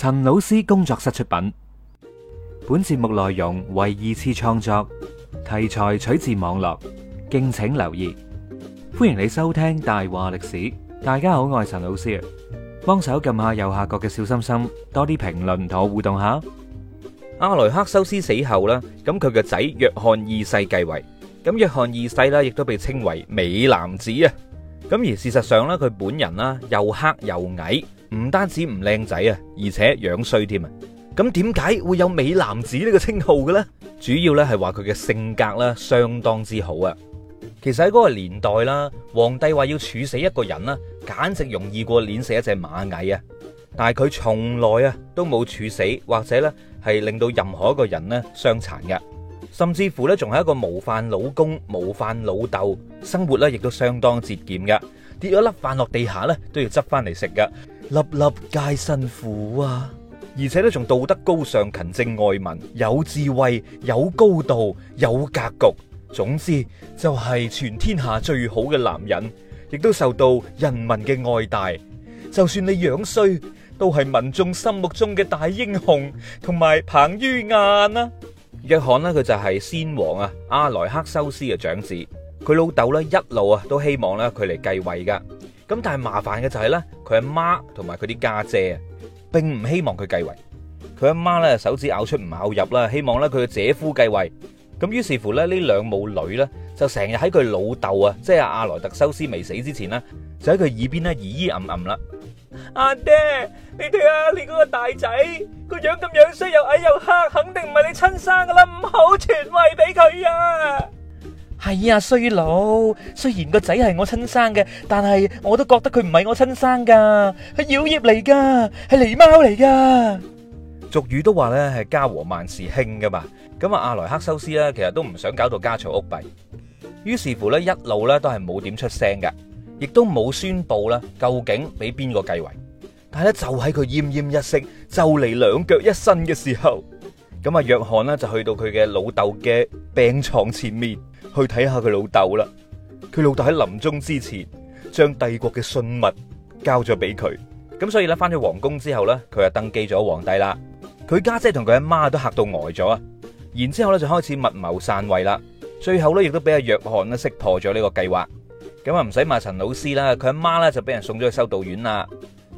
陳老師工作室出品，本節目內容為二次創作，題材取自網絡，敬請留意。歡迎你收聽大話歷史。大家好，我係陳老師啊，幫手撳下右下角嘅小心心，多啲評論同我互動下。阿萊克修斯死後啦，咁佢嘅仔約翰二世繼位，咁約翰二世啦亦都被稱為美男子啊，咁而事實上咧，佢本人啦又黑又矮。唔單止唔靚仔啊，而且樣衰添啊！咁點解會有美男子這個稱呢個稱號嘅咧？主要咧係話佢嘅性格啦相當之好啊！其實喺嗰個年代啦，皇帝話要處死一個人啦，簡直容易過碾死一隻螞蟻啊！但係佢從來啊都冇處死或者咧係令到任何一個人呢傷殘嘅，甚至乎呢，仲係一個模範老公、模範老豆，生活咧亦都相當節儉嘅。跌咗粒飯落地下咧，都要執翻嚟食噶，粒粒皆辛苦啊！而且咧，仲道德高尚、勤政愛民、有智慧、有高度、有格局，總之就係全天下最好嘅男人，亦都受到人民嘅愛戴。就算你樣衰，都係民眾心目中嘅大英雄同埋彭于晏啊！約翰呢，佢就係先王啊阿萊克修斯嘅長子。佢老豆咧一路啊都希望咧佢嚟繼位噶，咁但係麻煩嘅就係咧佢阿媽同埋佢啲家姐啊，並唔希望佢繼位。佢阿媽咧手指咬出唔咬入啦，希望咧佢嘅姐夫繼位。咁於是乎咧呢兩母女咧就成日喺佢老豆啊，即係阿阿萊特修斯未死之前呢，就喺佢耳邊咧耳咿暗暗啦。阿爹，你睇下、啊、你嗰個大仔個樣咁樣衰，又矮又黑，肯定唔係你親生噶啦，唔好傳位俾佢啊！係、哎、啊，衰佬！雖然個仔係我親生嘅，但係我都覺得佢唔係我親生噶，係妖孽嚟噶，係狸貓嚟噶。俗語都話咧，係家和萬事興噶嘛。咁啊，阿萊克修斯啦，其實都唔想搞到家嘈屋閉，於是乎咧，一路咧都係冇點出聲嘅，亦都冇宣布啦，究竟俾邊個繼位。但係咧，就喺佢奄奄一息、就嚟兩腳一伸嘅時候，咁啊，約翰呢，就去到佢嘅老豆嘅病床前面。去睇下佢老豆啦，佢老豆喺臨終之前將帝國嘅信物交咗俾佢，咁所以咧翻咗皇宮之後咧，佢就登基咗皇帝啦。佢家姐同佢阿媽都嚇到呆咗啊，然之後咧就開始密謀篡位啦，最後咧亦都俾阿約翰咧識破咗呢個計劃，咁啊唔使問陳老師啦，佢阿媽咧就俾人送咗去修道院啦，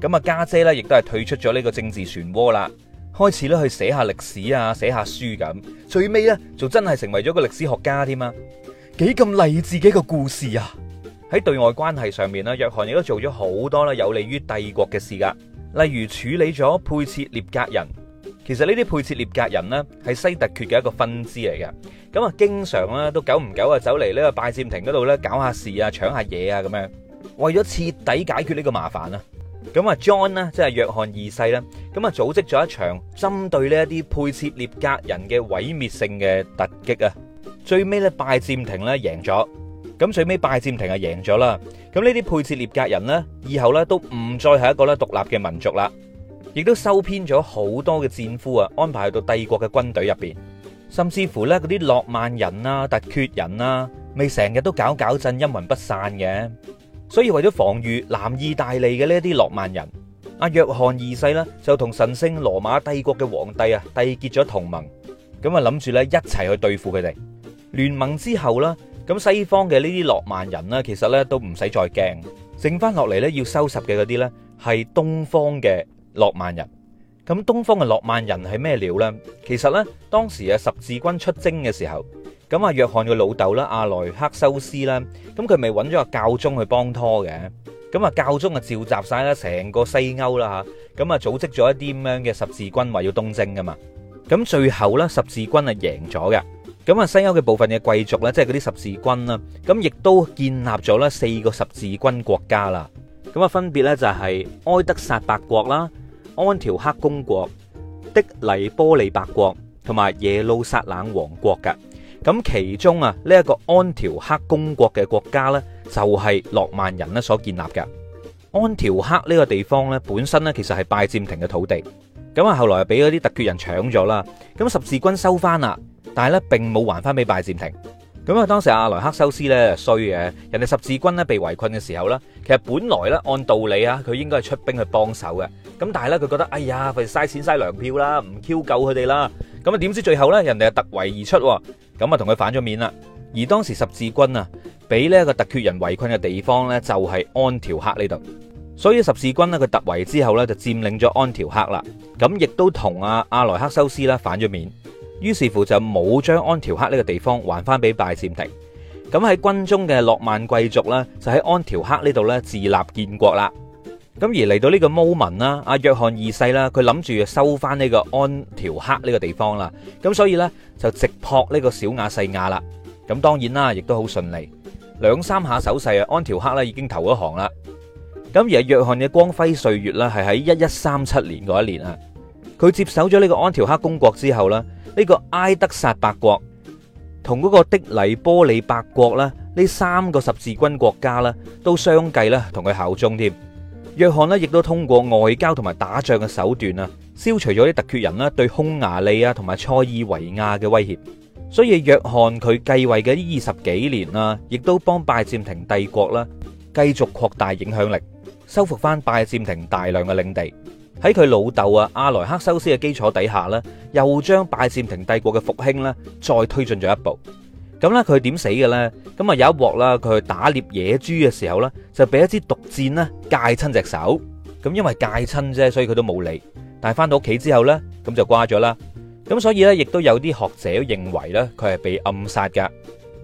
咁啊家姐咧亦都係退出咗呢個政治漩渦啦。開始咧去寫下歷史啊，寫下書咁、啊，最尾咧仲真係成為咗個歷史學家添啊，幾咁勵志嘅個故事啊！喺對外關係上面咧，約翰亦都做咗好多啦，有利於帝國嘅事噶。例如處理咗佩切涅格人，其實呢啲佩切涅格人呢，係西突厥嘅一個分支嚟嘅，咁啊經常啊都久唔久啊走嚟呢個拜占庭嗰度咧搞下事啊，搶下嘢啊咁樣。為咗徹底解決呢個麻煩啊。咁啊，John 呢，即係約翰二世啦。咁啊，組織咗一場針對呢一啲佩切涅格人嘅毀滅性嘅突擊啊！最尾咧，拜占庭咧贏咗，咁最尾拜占庭啊贏咗啦。咁呢啲佩切涅格人呢，以後呢都唔再係一個咧獨立嘅民族啦，亦都收編咗好多嘅戰俘啊，安排去到帝國嘅軍隊入邊，甚至乎呢，嗰啲諾曼人啊、突厥人啊，未成日都搞搞震，陰魂不散嘅。所以為咗防御南意大利嘅呢啲諾曼人，阿約翰二世呢就同神聖羅馬帝國嘅皇帝啊締結咗同盟，咁啊諗住咧一齊去對付佢哋。聯盟之後呢，咁西方嘅呢啲諾曼人呢，其實咧都唔使再驚，剩翻落嚟咧要收拾嘅嗰啲咧係東方嘅諾曼人。咁東方嘅諾曼人係咩料呢？其實呢，當時嘅十字軍出征嘅時候。咁啊，約翰嘅老豆啦，阿萊克修斯啦，咁佢咪揾咗個教宗去幫拖嘅。咁啊，教宗啊召集曬啦，成個西歐啦嚇，咁啊組織咗一啲咁樣嘅十字軍，話要東征噶嘛。咁最後咧，十字軍啊贏咗嘅。咁啊，西歐嘅部分嘅貴族咧，即係嗰啲十字軍啦，咁亦都建立咗咧四個十字軍國家啦。咁啊，分別咧就係埃德薩伯國啦、安條克公國、的黎波利伯國同埋耶路撒冷王國㗎。咁其中啊，呢一個安條克公國嘅國家呢，就係諾曼人呢所建立嘅。安條克呢個地方呢，本身呢其實係拜占庭嘅土地。咁啊，後來俾嗰啲突厥人搶咗啦。咁十字軍收翻啦，但係呢並冇還翻俾拜占庭。咁啊，當時阿萊克修斯呢衰嘅，人哋十字軍呢被圍困嘅時候啦，其實本來呢，按道理啊，佢應該係出兵去幫手嘅。咁但係呢，佢覺得，哎呀，佢嘥錢嘥糧票啦，唔 Q 救佢哋啦。咁啊，點知最後呢，人哋啊突圍而出喎。咁啊，同佢反咗面啦。而當時十字軍啊，俾呢個特厥人圍困嘅地方呢，就係安條克呢度。所以十字軍呢佢突圍之後呢，就佔領咗安條克啦。咁亦都同阿阿萊克修斯呢反咗面。於是乎就冇將安條克呢個地方還翻俾拜占庭。咁喺軍中嘅諾曼貴族呢，就喺安條克呢度呢自立建國啦。咁而嚟到呢個 moment 啦，阿約翰二世啦，佢諗住收翻呢個安條克呢個地方啦。咁所以呢，就直撲呢個小亞細亞啦。咁當然啦，亦都好順利，兩三下手勢啊,安條克已經投咗行啦。咁而阿約翰嘅光輝歲月啦，係喺一一三七年嗰一年啊，佢接手咗呢個安條克公國之後啦，呢、呢個埃德薩伯國同嗰個的黎波里伯國啦，呢三個十字軍國家啦，都相繼啦同佢效忠添。約翰咧，亦都通過外交同埋打仗嘅手段啊，消除咗啲突厥人啦對匈牙利啊同埋塞爾維亞嘅威脅。所以約翰佢繼位嘅二十幾年啦，亦都幫拜占庭帝國啦繼續擴大影響力，收復翻拜占庭大量嘅領地，喺佢老豆啊阿萊克修斯嘅基礎底下啦，又將拜占庭帝國嘅復興咧再推進咗一步。咁咧佢點死嘅咧？咁啊有一鑊啦，佢去打獵野豬嘅時候咧，就俾一支毒箭咧戒親隻手。咁因為戒親啫，所以佢都冇理。但係翻到屋企之後咧，咁就瓜咗啦。咁所以咧，亦都有啲學者認為咧，佢係被暗殺噶。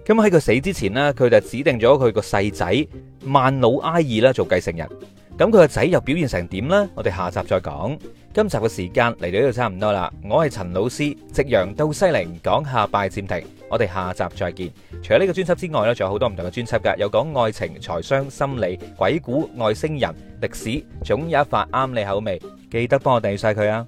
咁喺佢死之前咧，佢就指定咗佢個細仔曼努埃爾啦做繼承人。咁佢個仔又表現成點咧？我哋下集再講。今集嘅時間嚟到呢度差唔多啦。我係陳老師，夕陽到西陵講下拜占庭。我哋下集再見。除咗呢個專輯之外呢，仲有好多唔同嘅專輯噶，有講愛情、財商、心理、鬼故、外星人、歷史，總有一發啱你口味。記得幫我訂閱晒佢啊！